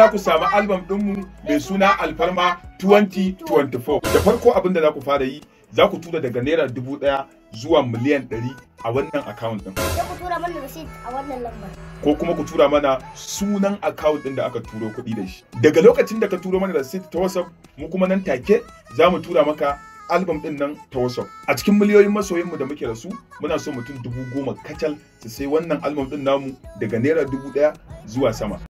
za ku samu album ɗinmu mai suna alfarma 2024 da farko abin da za ku fara yi za ku tura daga naira dubu ɗaya zuwa miliyan ɗari a wannan account ɗin. ku tura mana receipt a wannan lambar. Ko kuma ku tura mana sunan account ɗin da aka turo kuɗi da shi. Daga lokacin da ka turo mana receipt ta WhatsApp mu kuma nan take za mu tura maka album ɗin nan ta WhatsApp. A cikin miliyoyin mu da muke da su muna so mutum dubu goma kacal su sai wannan album ɗin namu daga naira dubu ɗaya zuwa sama.